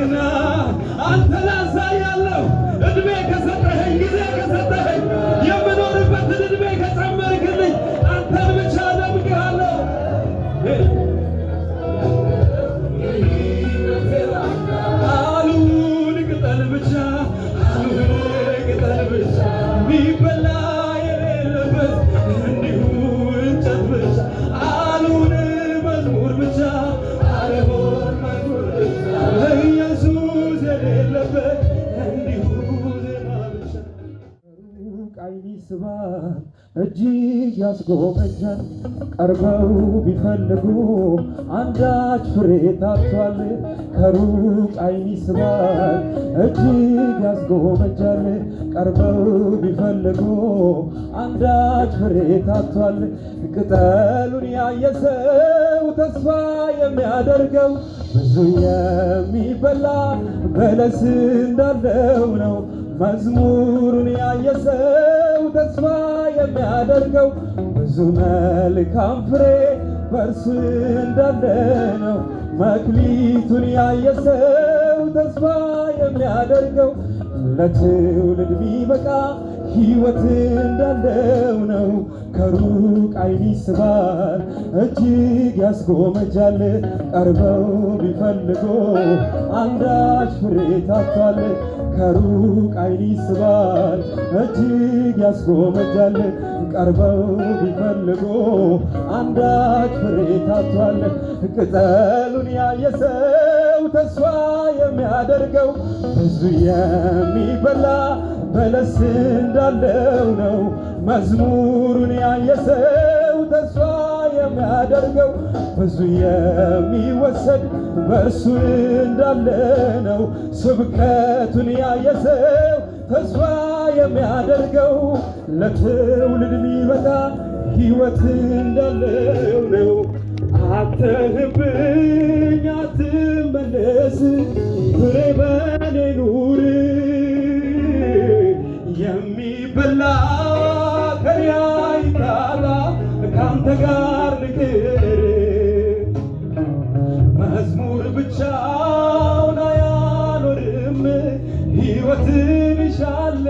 ደግና አንተ ያስባል እጅግ ያስጎመጃል ቀርበው ቢፈልጉ አንዳች ፍሬ ታቷል ከሩቅ ዓይን ይስባል እጅግ ያስጎመጃል ቀርበው ቢፈልጉ አንዳች ፍሬ ታቷል ቅጠሉን ያየሰው ተስፋ የሚያደርገው ብዙ የሚበላ በለስ እንዳለው ነው። መዝሙሩን ያየ ሰው ተስፋ የሚያደርገው ብዙ መልካም ፍሬ በእርሱ እንዳለ ነው። መክሊቱን ያየ ሰው ተስፋ የሚያደርገው ለትውልድ ቢበቃ ሕይወት እንዳለው ነው። ከሩቅ ዓይን ይስባል እጅግ ያስጎመጃል። ቀርበው ቢፈልጎ አንዳች ፍሬ ታቷል። ከሩቅ ዓይን ይስባል እጅግ ያስጎመጃል። ቀርበው ቢፈልጎ አንዳች ፍሬ ታቷል። ቅጠሉን ያየሰ ተስፋ የሚያደርገው ብዙ የሚበላ በለስ እንዳለው ነው። መዝሙሩን ያየ ሰው ተስፋ የሚያደርገው ብዙ የሚወሰድ በእርሱ እንዳለ ነው። ስብከቱን ያየ ሰው ተስፋ የሚያደርገው ለትውልድ የሚበታ ሕይወት እንዳለው ነው። አተህብን ልድረስ ፍሬ በኔ ኑር የሚበላ ከኔ አይጣላ ከአንተ ጋር መዝሙር ብቻውን አያኖርም ሕይወትን ይሻለ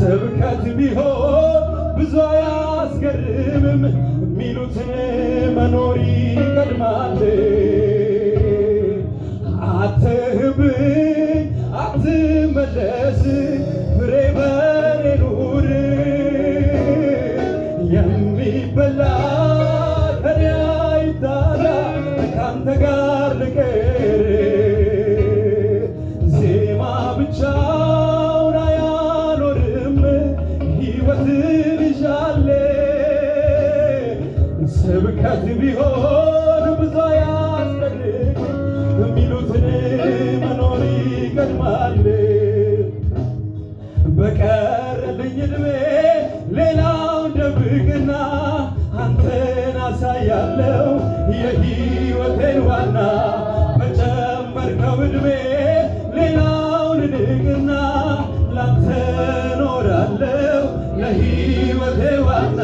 ስብከት ቢሆን ብዙ አያስገርምም ሚሉትን መኖሪ ይቀድማል አትብኝ አትመለስ ፍሬ በኔ የሚበላ ከኔ አይጣላ ከአንተ ጋር ልቀ የሕይወቴን ዋና በጨመርከው ዕድሜ ሌላውን ንግና ላንተ ኖራለሁ ለሕይወቴ ዋና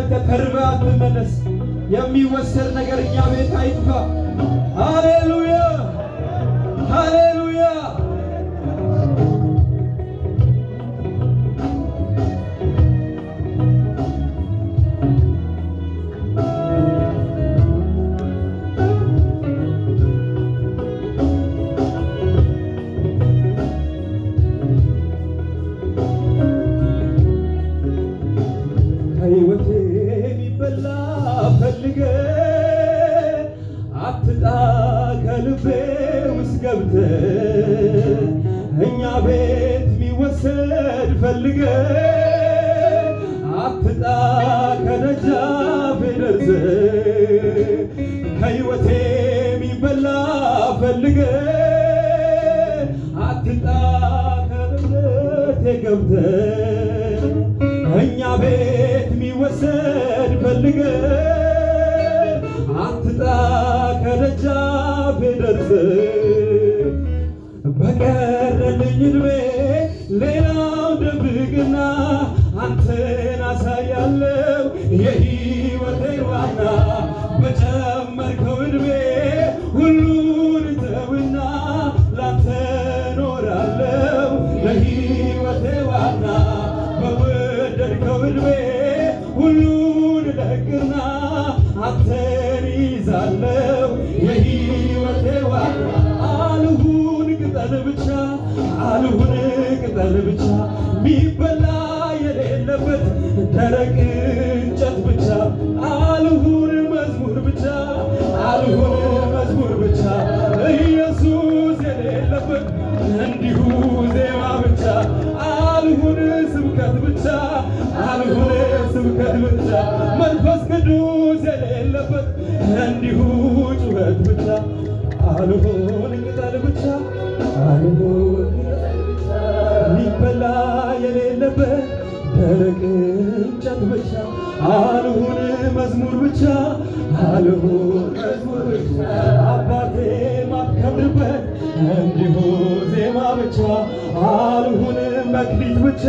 አንተ ከርበህ አትመለስ። የሚወሰድ ነገር እኛ ቤት አይጥፋ። ሃሌሉያ ሃሌሉያ ልቤ ውስጥ ገብተ እኛ ቤት ሊወሰድ ፈልገ አትጣ ከደጃፍ ደርሰ ከሕይወቴ የሚበላ ፈልገ አትጣ ከደጀቴ ገብተ እኛ ቤት ሊወሰድ ፈልገ አትጣ ከደጃ ደርስ በቀረልኝ እድሜ ሌላው ደብቅና አንተን አሳያለው የህይወቴ ዋና በጨመርከው እድሜ ሁሉን ተውና ላንተ ኖራለው ሚበላ የሌለበት ደረቅ እንጨት ብቻ አልሁን መዝሙር ብቻ አልሁን መዝሙር ብቻ ኢየሱስ የሌለበት እንዲሁ ዜማ ብቻ አልሁን ስብከት ብቻ አልሁን ስብከት ብቻ መንፈስ ቅዱስ የሌለበት እንዲሁ ጩኸት ብቻ አልሁን ቅጠል ብቻ አልሁን መዝሙር ብቻ አልሁን መዝሙር ብቻ አባቴ ማከብርበት እንዲሁ ዜማ ብቻ አልሁን መክሊት ብቻ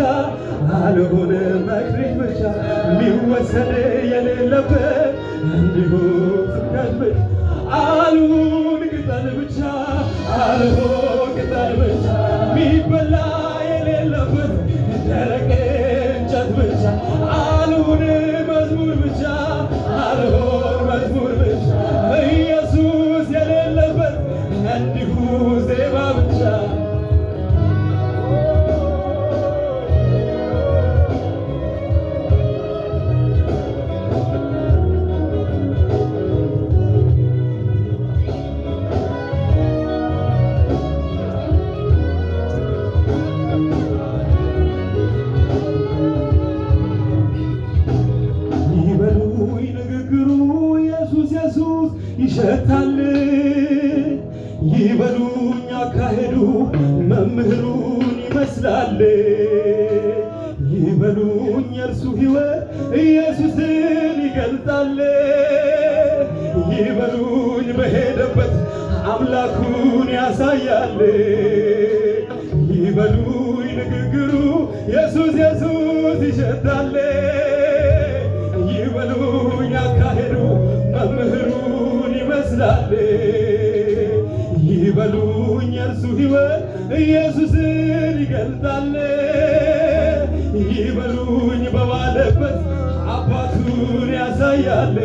አልሁን መክሊት ብቻ የሚወሰድ የሌለበት መምህሩን ይመስላል ይበሉኝ የእርሱ ሕይወት ኢየሱስን ይገልጣል ይበሉኝ በሄደበት አምላኩን ያሳያል ይበሉኝ ንግግሩ የሱስ የሱስ ይሸታል ይበሉኝ አካሄዱ መምህሩን ይመስላል ይበሉኝ የእርሱ ሕይወት ኢየሱስን ይገልጣል። ይበሉኝ በባለበት አባቱን ያሳያል።